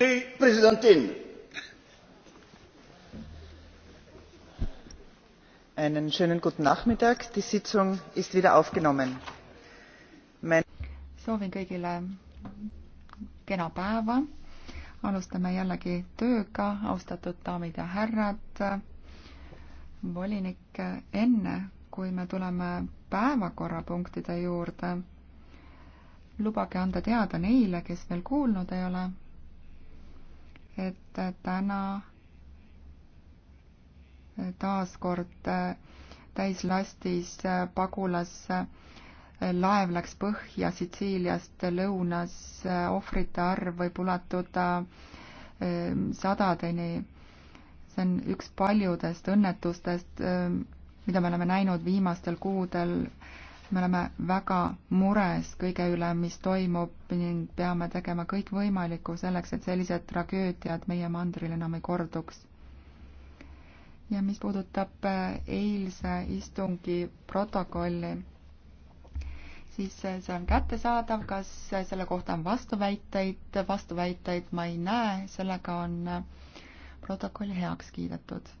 Die Präsidentin! Einen schönen guten Nachmittag. Die Sitzung ist wieder aufgenommen. Mein Soovin kõigile kena päeva. Alustame jällegi tööga, austatud daamid ja härrad. Volinik, enne kui me tuleme päevakorrapunktide juurde, lubage anda teada neile, kes veel kuulnud ei ole, et täna taaskord täislastis pagulaslaev läks põhja Sitsiiliast lõunas, ohvrite arv võib ulatuda ehm, sadadeni. see on üks paljudest õnnetustest, ehm, mida me oleme näinud viimastel kuudel me oleme väga mures kõige üle, mis toimub ning peame tegema kõik võimalikku selleks, et sellised tragöödiad meie mandril enam ei korduks. ja mis puudutab eh, eilse istungi protokolli, siis see on kättesaadav, kas selle kohta on vastuväiteid, vastuväiteid ma ei näe, sellega on eh, protokoll heaks kiidetud